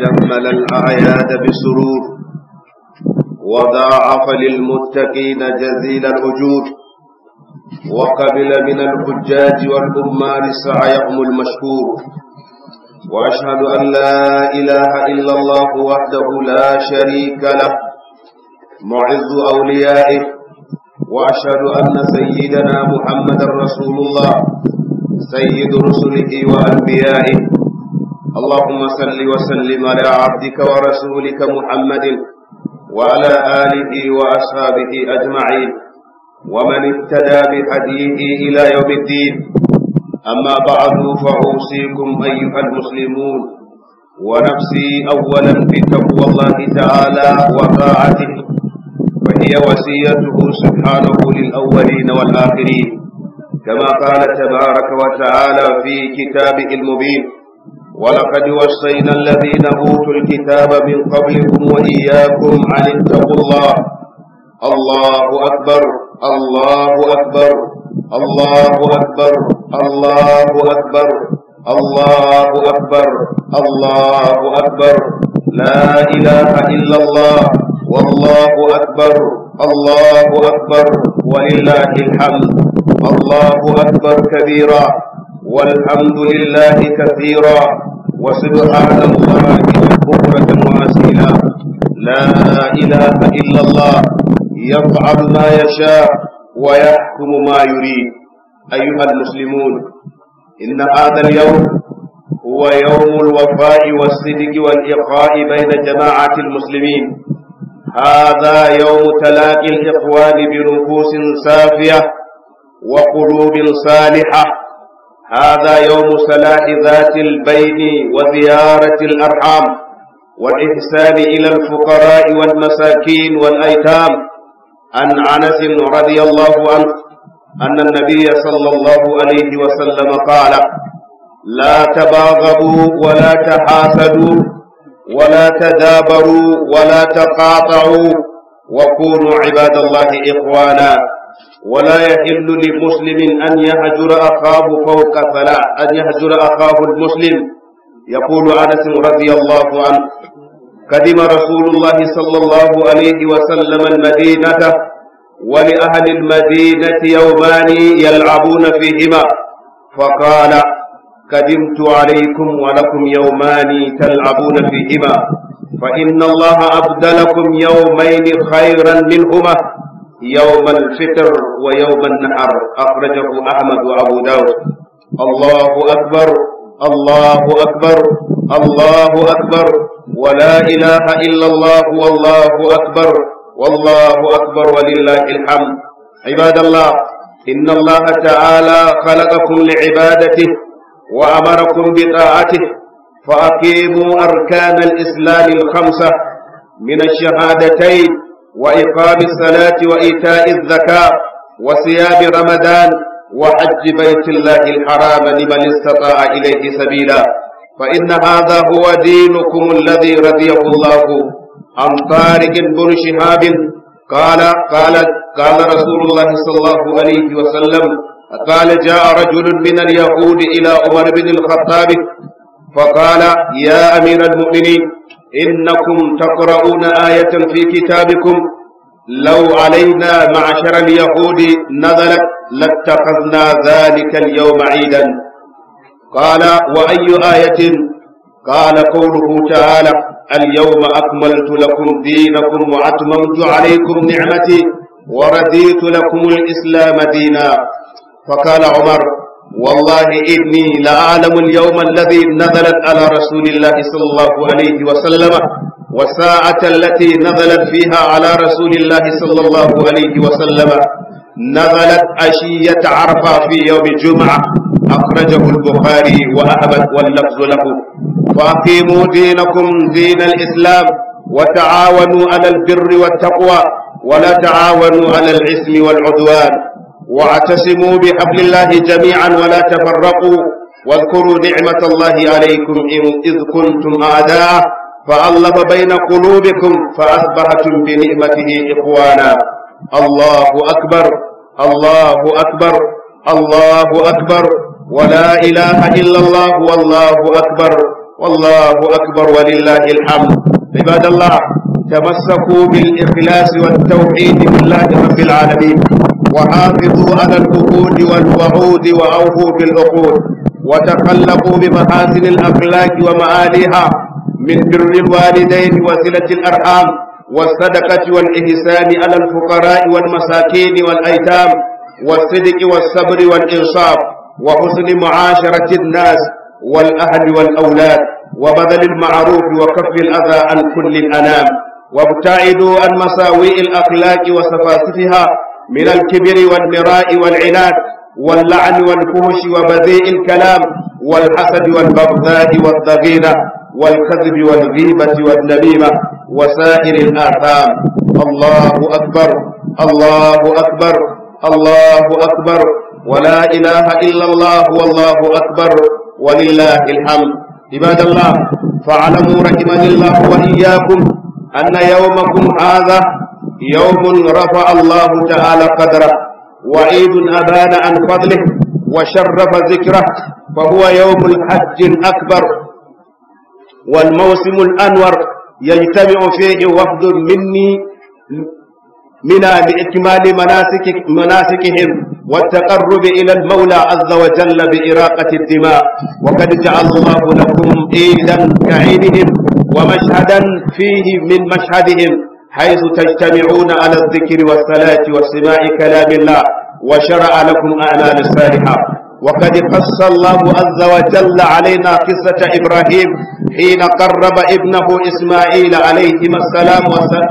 جمل الأعياد بسرور وضاعف للمتقين جزيل الأجور وقبل من الحجاج والأمار سعيهم المشكور وأشهد أن لا إله إلا الله وحده لا شريك له معز أوليائه وأشهد أن سيدنا محمد رسول الله سيد رسله وأنبيائه اللهم صل وسلم على عبدك ورسولك محمد وعلى آله وأصحابه أجمعين ومن اهتدى بهديه إلى يوم الدين أما بعد فأوصيكم أيها المسلمون ونفسي أولا بتقوى الله تعالى وطاعته فهي وصيته سبحانه للأولين والآخرين كما قال تبارك وتعالى في كتابه المبين ولقد وصينا الذين أوتوا الكتاب من قبلكم وإياكم أن اتقوا الله الله أكبر الله أكبر الله أكبر الله أكبر الله أكبر الله أكبر لا إله إلا الله والله أكبر الله أكبر ولله الحمد الله أكبر كبيرا والحمد لله كثيرا وسبحان الله بكرة وأسئلة لا إله إلا الله يفعل ما يشاء ويحكم ما يريد أيها المسلمون إن هذا اليوم هو يوم الوفاء والصدق والإقاء بين جماعة المسلمين هذا يوم تلاقي الإخوان بنفوس صافية وقلوب صالحة هذا يوم صلاح ذات البين وزيارة الأرحام والإحسان إلى الفقراء والمساكين والأيتام عن أنس رضي الله عنه أن النبي صلى الله عليه وسلم قال لا تباغضوا ولا تحاسدوا ولا تدابروا ولا تقاطعوا وكونوا عباد الله إخوانا ولا يحل لمسلم أن يهجر أخاه فوق ثلاث أن يهجر أخاه المسلم يقول أنس رضي الله عنه قدم رسول الله صلى الله عليه وسلم المدينة ولأهل المدينة يومان يلعبون فيهما فقال قدمت عليكم ولكم يومان تلعبون فيهما فإن الله أبدلكم يومين خيرا منهما يوم الفطر ويوم النحر أخرجه أحمد وأبو داود الله أكبر الله أكبر الله أكبر ولا إله إلا الله والله أكبر والله أكبر ولله الحمد عباد الله إن الله تعالى خلقكم لعبادته وأمركم بطاعته فأقيموا أركان الإسلام الخمسة من الشهادتين وإقام الصلاة وإيتاء الزكاة وصيام رمضان وحج بيت الله الحرام لمن استطاع إليه سبيلا فإن هذا هو دينكم الذي رضيه الله عن طارق بن شهاب قال قال قال رسول الله صلى الله عليه وسلم قال جاء رجل من اليهود إلى عمر بن الخطاب فقال يا أمير المؤمنين إنكم تقرؤون آية في كتابكم لو علينا معشر اليهود نزلت لاتخذنا ذلك اليوم عيدا قال وأي آية قال قوله تعالى اليوم أكملت لكم دينكم وأتممت عليكم نعمتي ورديت لكم الإسلام دينا فقال عمر والله إني لأعلم اليوم الذي نزلت على رسول الله صلى الله عليه وسلم والساعة التي نزلت فيها على رسول الله صلى الله عليه وسلم نزلت عشية عرفة في يوم الجمعة أخرجه البخاري وأحمد واللفظ له فأقيموا دينكم دين الإسلام وتعاونوا على البر والتقوى ولا تعاونوا على الإثم والعدوان واعتصموا بحبل الله جميعا ولا تفرقوا واذكروا نعمة الله عليكم إذ كنتم أعداء فألف بين قلوبكم فأصبحتم بنعمته إخوانا الله أكبر الله أكبر الله أكبر ولا إله إلا الله والله أكبر والله أكبر ولله الحمد عباد الله تمسكوا بالإخلاص والتوحيد لله رب العالمين وحافظوا على الوعود والوعود وأوفوا بالعقود وتخلقوا بمحاسن الأخلاق ومعاليها من بر الوالدين وصلة الأرحام والصدقة والإحسان على الفقراء والمساكين والأيتام والصدق والصبر والإنصاف وحسن معاشرة الناس والأهل والأولاد وبذل المعروف وكف الأذى عن كل الأنام وابتعدوا عن مساوئ الأخلاق وسفاسفها من الكبر والمراء والعناد واللعن والفهش وبذيء الكلام والحسد والبغضاء والضغينة والكذب والغيبة والنميمة وسائر الآثام الله أكبر الله أكبر الله أكبر ولا إله إلا الله والله أكبر ولله الحمد عباد الله فاعلموا رحمني الله وإياكم أن يومكم هذا يوم رفع الله تعالى قدره وعيد أبان عن فضله وشرف ذكره فهو يوم الحج الأكبر والموسم الأنور يجتمع فيه وفد مني منا لإكمال مناسك مناسكهم والتقرب إلى المولى عز وجل بإراقة الدماء وقد جعل الله لكم عيدا كعيدهم ومشهدا فيه من مشهدهم حيث تجتمعون على الذكر والصلاة وسماع كلام الله وشرع لكم أعمال الصالحة وقد قص الله عز وجل علينا قصة إبراهيم حين قرب ابنه إسماعيل عليهما السلام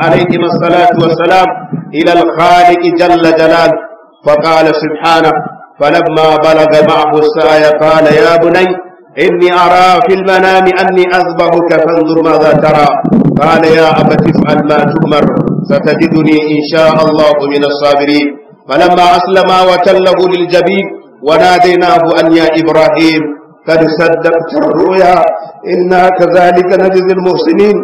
عليهما الصلاة والسلام إلى الخالق جل جلاله فقال سبحانه فلما بلغ معه السعي قال يا بني إني أرى في المنام أني أذبحك فانظر ماذا ترى قال يا أبت افعل ما تؤمر ستجدني إن شاء الله من الصابرين فلما أسلم وتله للجبين وناديناه أن يا إبراهيم قد صدقت الرؤيا إنا كذلك نجزي المحسنين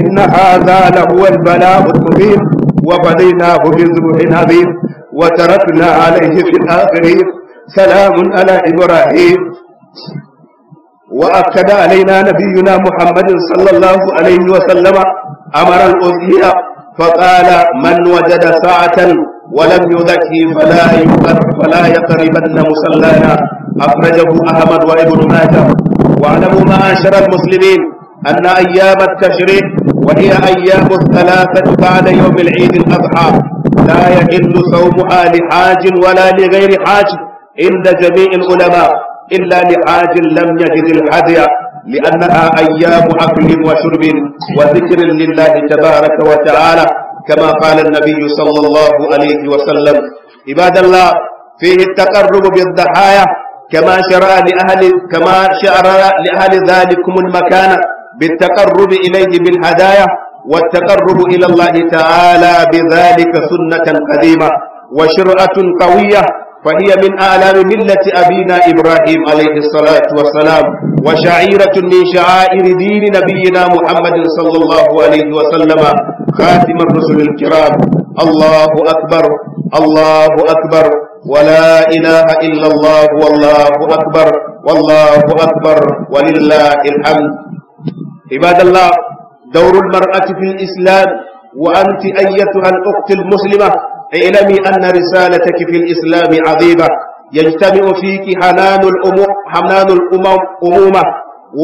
إن هذا لهو البلاء المبين وبنيناه بذبح عظيم وتركنا عليه في الآخرين سلام على إبراهيم وأكد علينا نبينا محمد صلى الله عليه وسلم أمر الأذية فقال من وجد ساعة ولم يذكي فلا يقرب فلا يقربن مصلانا أخرجه أحمد وابن ماجه واعلموا معاشر المسلمين أن أيام التشريق وهي أيام الثلاثة بعد يوم العيد الأضحى لا يجل صومها لحاج ولا لغير حاج عند جميع العلماء إلا لحاج لم يجد الهدي لأنها أيام أكل وشرب وذكر لله تبارك وتعالى كما قال النبي صلى الله عليه وسلم عباد الله فيه التقرب بالضحايا كما شرع لأهل كما شرع لأهل ذلكم المكان بالتقرب إليه بالهدايا والتقرب إلى الله تعالى بذلك سنة قديمة وشرعة قوية فهي من آلام ملة أبينا إبراهيم عليه الصلاة والسلام وشعيرة من شعائر دين نبينا محمد صلى الله عليه وسلم خاتم الرسل الكرام الله أكبر الله أكبر ولا إله إلا الله والله أكبر والله أكبر ولله الحمد عباد الله دور المرأة في الإسلام وأنت أيتها الأخت المسلمة اعلمي أن رسالتك في الإسلام عظيمة يجتمع فيك حنان الأمور حنان الأمومة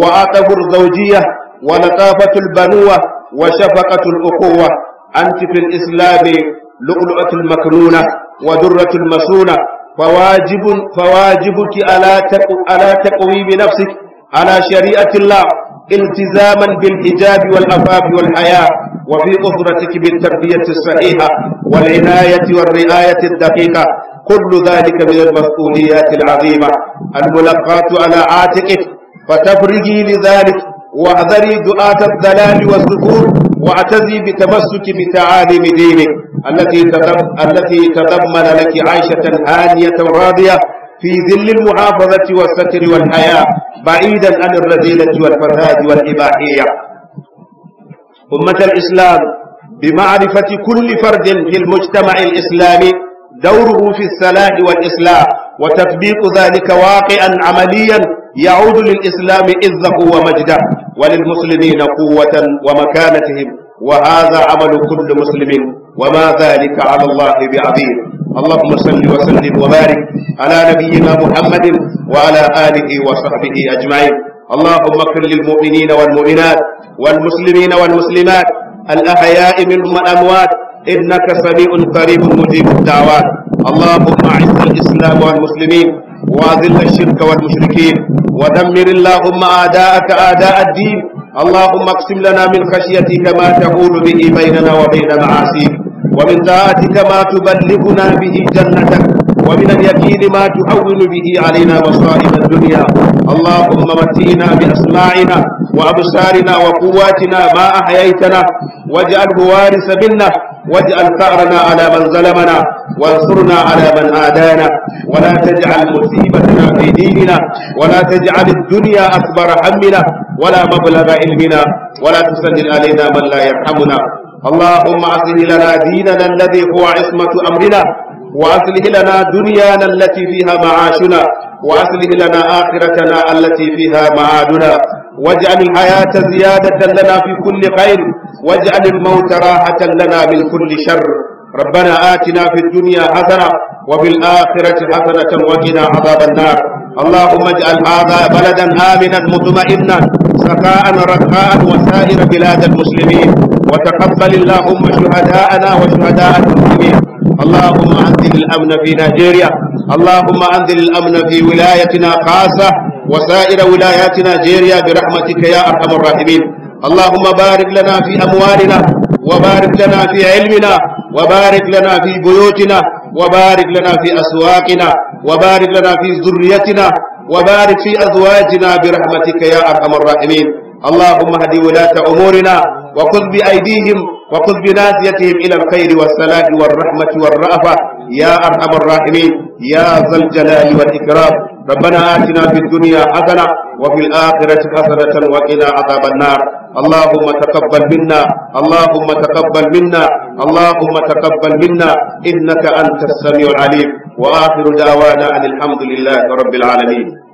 وعطف الزوجية ولطافة البنوة وشفقة الأخوة أنت في الإسلام لؤلؤة المكنونة ودرة المسونة فواجب فواجبك على على تقويم نفسك على شريعة الله التزاما بالحجاب والأفاف والحياة وفي أسرتك بالتربية الصحيحة والعناية والرعاية الدقيقة كل ذلك من المسؤوليات العظيمة الملقاة على عاتقك فتفرجي لذلك واحذري دعاة الضلال والزفور واعتزي بتمسك بتعاليم دينك التي التي تضمن لك عيشة هانية راضية في ظل المحافظة والستر والحياة بعيدا عن الرذيلة والفساد والإباحية أمة الإسلام بمعرفة كل فرد في المجتمع الإسلامي دوره في الصلاح والإصلاح وتطبيق ذلك واقعا عمليا يعود للإسلام إذه ومجده وللمسلمين قوة ومكانتهم وهذا عمل كل مسلم وما ذلك على الله بعظيم اللهم صل وسلم وبارك على نبينا محمد وعلى آله وصحبه أجمعين اللهم اغفر للمؤمنين والمؤمنات والمسلمين والمسلمات الأحياء منهم والأموات إنك سميع قريب مجيب الدعوات اللهم أعز الإسلام والمسلمين وأذل الشرك والمشركين ودمر اللهم أعداءك أعداء الدين اللهم اقسم لنا من خشيتك ما تقول به بيننا وبين معاصيك ومن طاعتك ما تبلغنا به جنتك ومن اليقين ما تهون به علينا مصائب الدنيا اللهم متئنا بأسماعنا وأبصارنا وقواتنا ما أحييتنا واجعله وارث منا واجعل ثأرنا على من ظلمنا وانصرنا على من آدانا ولا تجعل مصيبتنا في ديننا ولا تجعل الدنيا أكبر همنا ولا مبلغ علمنا ولا تسلل علينا من لا يرحمنا اللهم أصلح لنا ديننا الذي هو عصمة أمرنا وأصلح لنا دنيانا التي فيها معاشنا وأصلح لنا آخرتنا التي فيها معادنا واجعل الحياة زيادة لنا في كل خير واجعل الموت راحة لنا من كل شر ربنا آتنا في الدنيا حسنة وفي الآخرة حسنة وقنا عذاب النار اللهم اجعل هذا بلدا آمنا مطمئنا سخاء رخاء وسائر بلاد المسلمين وتقبل اللهم شهداءنا وشهداء المسلمين اللهم أنزل الأمن في نيجيريا اللهم أنزل الأمن في ولايتنا خاصة وسائر ولايات نيجيريا برحمتك يا أرحم الراحمين اللهم بارك لنا في أموالنا وبارك لنا في علمنا وبارك لنا في بيوتنا وبارك لنا في أسواقنا وبارك لنا في ذريتنا وبارك في أزواجنا برحمتك يا أرحم الراحمين اللهم اهد ولاة أمورنا وخذ بأيديهم وخذ بناسيتهم إلى الخير والصلاة والرحمة والرأفة يا أرحم الراحمين يا ذا الجلال والإكرام ربنا آتنا في الدنيا حسنة وفي الآخرة حسنة وقنا عذاب النار اللهم تقبل منا اللهم تقبل منا اللهم تقبل منا إنك أنت السميع العليم وآخر دعوانا أن الحمد لله رب العالمين